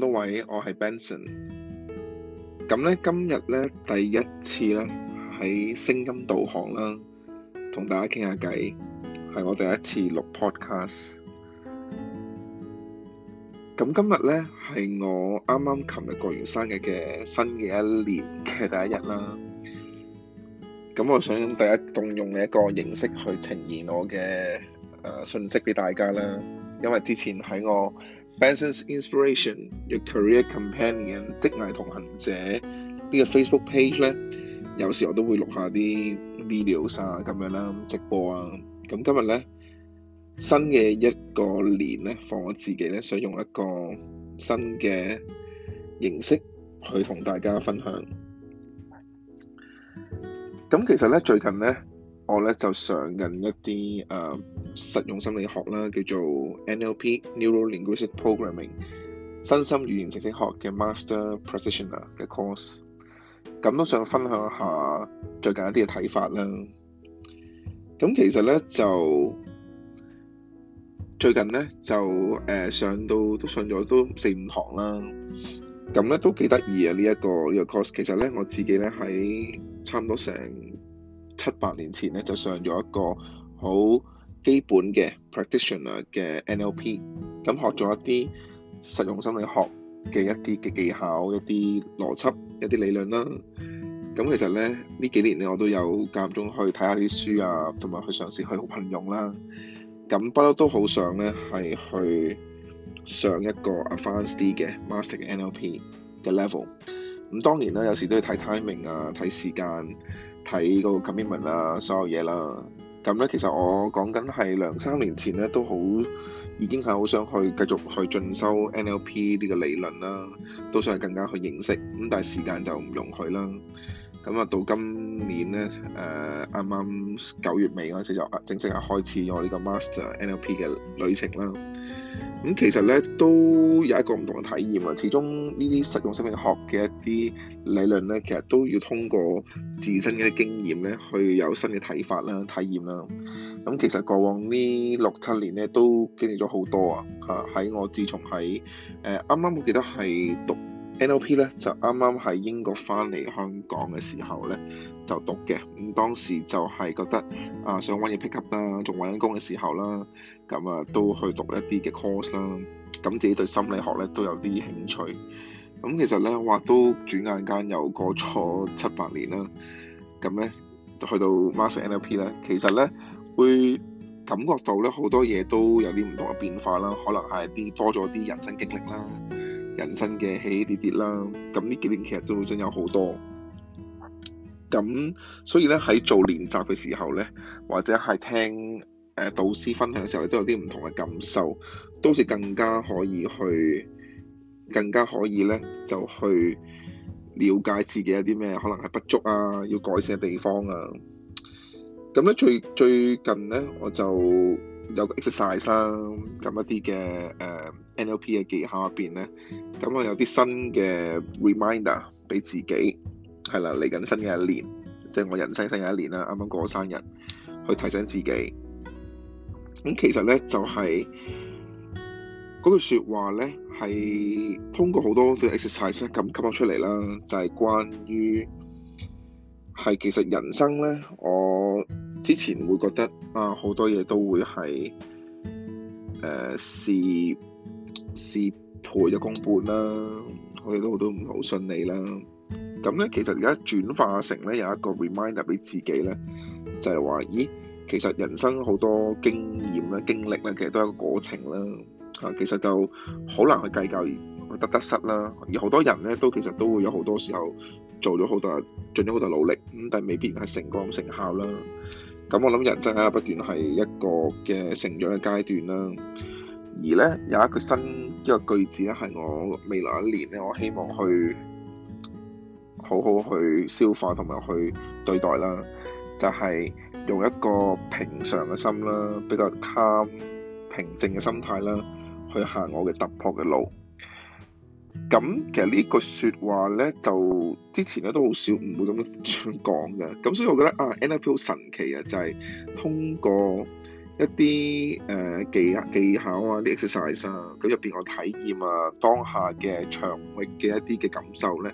各位，我係 Benson。咁咧，今日咧第一次咧喺聲音導航啦，同大家傾下偈，係我第一次錄 podcast。咁今日咧係我啱啱琴日過完生日嘅新嘅一年嘅第一日啦。咁我想第一動用嘅一個形式去呈現我嘅誒、呃、信息俾大家啦，因為之前喺我。Benson's Inspiration，Your Career Companion，職涯同行者呢個 Facebook page 咧，有時我都會錄下啲 videos 啊咁樣啦，直播啊。咁今日咧新嘅一個年咧，我我自己咧想用一個新嘅形式去同大家分享。咁其實咧最近咧。我咧就上緊一啲誒、呃、實用心理學啦，叫做 NLP，Neural Linguistic Programming） 身心語言程式學嘅 Master Practitioner 嘅 course，咁都想分享一下最近一啲嘅睇法啦。咁其實咧就最近咧就誒、呃、上到都上咗都四五堂啦，咁咧都幾得意啊呢一個呢、呢個 course。其實咧我自己咧喺差唔多成七八年前咧就上咗一個好基本嘅 practitioner 嘅 NLP，咁學咗一啲實用心理學嘅一啲嘅技巧、一啲邏輯、一啲理論啦。咁其實咧呢幾年咧我都有間中去睇下啲書啊，同埋去嘗試去運用啦。咁不嬲都好想咧係去上一個 advanced 嘅 master 嘅 NLP 嘅 level。咁當年咧有時都要睇 timing 啊，睇時間。睇嗰個 commitment 啊，所有嘢啦，咁咧其實我講緊係兩三年前咧都好，已經係好想去繼續去進修 NLP 呢個理論啦，都想係更加去認識，咁但係時間就唔容許啦。咁啊到今年咧，誒啱啱九月尾嗰陣時就正式係開始咗呢個 master NLP 嘅旅程啦。咁其實咧都有一個唔同嘅體驗啊！始終呢啲實用心理學嘅一啲理論咧，其實都要通過自身嘅經驗咧，去有新嘅睇法啦、體驗啦。咁其實過往呢六七年咧，都經歷咗好多啊！嚇喺我自從喺誒啱啱，我記得係讀。NLP 咧就啱啱喺英國翻嚟香港嘅時候咧就讀嘅，咁當時就係覺得啊、呃、想揾嘢 pick up 啦，仲揾緊工嘅時候啦，咁、嗯、啊都去讀一啲嘅 course 啦，咁、嗯、自己對心理學咧都有啲興趣，咁、嗯、其實咧話都轉眼間又過咗七八年啦，咁、嗯、咧去到 master NLP 咧，其實咧會感覺到咧好多嘢都有啲唔同嘅變化啦，可能係啲多咗啲人生經歷啦。人生嘅起起跌跌啦，咁呢幾年其實都真有好多，咁所以咧喺做練習嘅時候咧，或者係聽誒導師分享嘅時候，都有啲唔同嘅感受，都係更加可以去，更加可以咧就去了解自己有啲咩可能係不足啊，要改善嘅地方啊，咁咧最最近咧我就。有個 exercise 啦，咁一啲嘅 NLP 嘅技巧入邊咧，咁、uh, 我有啲新嘅 reminder 俾自己，係啦，嚟緊新嘅一年，即、就、係、是、我人生的新嘅一年啦，啱啱過生日，去提醒自己。咁其實咧就係、是、嗰句説話咧，係通過好多嘅 exercise 咁吸納出嚟啦，就係、是、關於係其實人生咧我。之前會覺得啊，好多嘢都會係誒事事倍咗功半啦，我哋都好多唔好順利啦。咁咧，其實而家轉化成咧有一個 reminder 俾自己咧就係、是、話，咦，其實人生好多經驗咧、經歷咧，其實都係一個過程啦。嚇、啊，其實就好難去計較得得失啦。而好多人咧都其實都會有好多時候做咗好多、盡咗好多努力，咁但係未必係成功成效啦。咁我諗人生喺不斷係一個嘅成長嘅階段啦，而呢有一句新一個句子咧係我未來一年咧我希望去好好去消化同埋去對待啦，就係、是、用一個平常嘅心啦，比較 calm 平靜嘅心態啦，去行我嘅突破嘅路。咁其實說呢句説話咧，就之前咧都好少唔會咁樣想講嘅。咁所以我覺得啊，NLP 好神奇啊，就係、是、通過一啲誒技啊技巧啊啲 exercise 啊，咁入邊我體驗啊當下嘅場域嘅一啲嘅感受咧，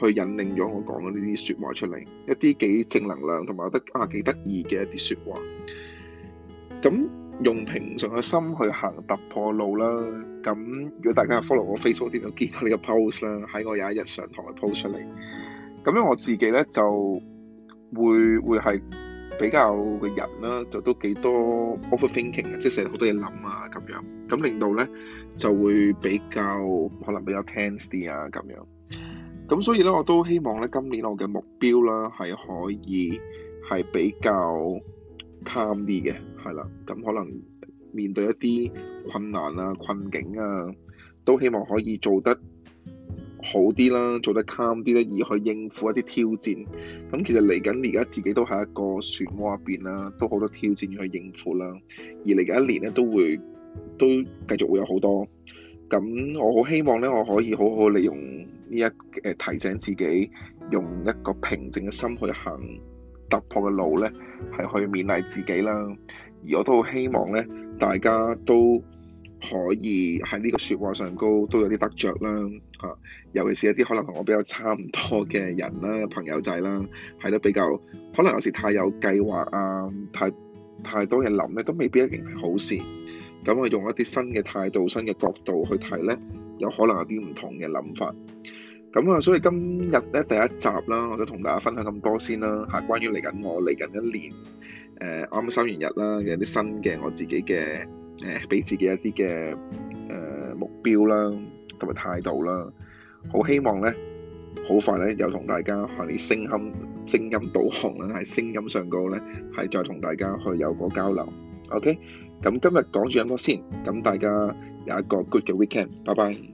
去引領咗我講嘅呢啲説話出嚟，一啲幾正能量同埋覺得啊幾得意嘅一啲説話。咁用平常嘅心去行突破路啦。咁如果大家 follow 我 Facebook 啲度見過你嘅 post 啦，喺我有一日上堂嘅 post 出嚟。咁樣我自己咧就會會係比較嘅人啦，就都幾多 overthinking 嘅，即係成日好多嘢諗啊咁樣。咁令到咧就會比較可能比較 tense 啲啊咁樣。咁所以咧我都希望咧今年我嘅目標啦係可以係比較 calm 啲嘅。係啦，咁可能面對一啲困難啊、困境啊，都希望可以做得好啲啦，做得 calm 啲咧，而去應付一啲挑戰。咁其實嚟緊而家自己都係一個漩渦入邊啦，都好多挑戰要去應付啦。而嚟緊一年咧，都會都繼續會有好多。咁我好希望咧，我可以好好利用呢一誒提醒自己，用一個平靜嘅心去行突破嘅路咧，係去勉勵自己啦。而我都好希望咧，大家都可以喺呢個説話上高都有啲得着啦，嚇！尤其是一啲可能同我比較差唔多嘅人啦、朋友仔啦，係得比較可能有時太有計劃啊、太太多嘢諗咧，都未必一定係好事。咁我用一啲新嘅態度、新嘅角度去睇咧，有可能有啲唔同嘅諗法。咁啊，所以今日咧第一集啦，我想同大家分享咁多先啦，嚇，關於嚟緊我嚟緊一年，誒，我啱啱生完日啦，有啲新嘅我自己嘅誒，俾自己一啲嘅誒目標啦，同埋態度啦，好希望咧，好快咧，又同大家喺啲聲音聲音導航啦，喺聲音上高咧，係再同大家去有個交流。OK，咁今日講住咁多先，咁大家有一個 good 嘅 weekend，拜拜。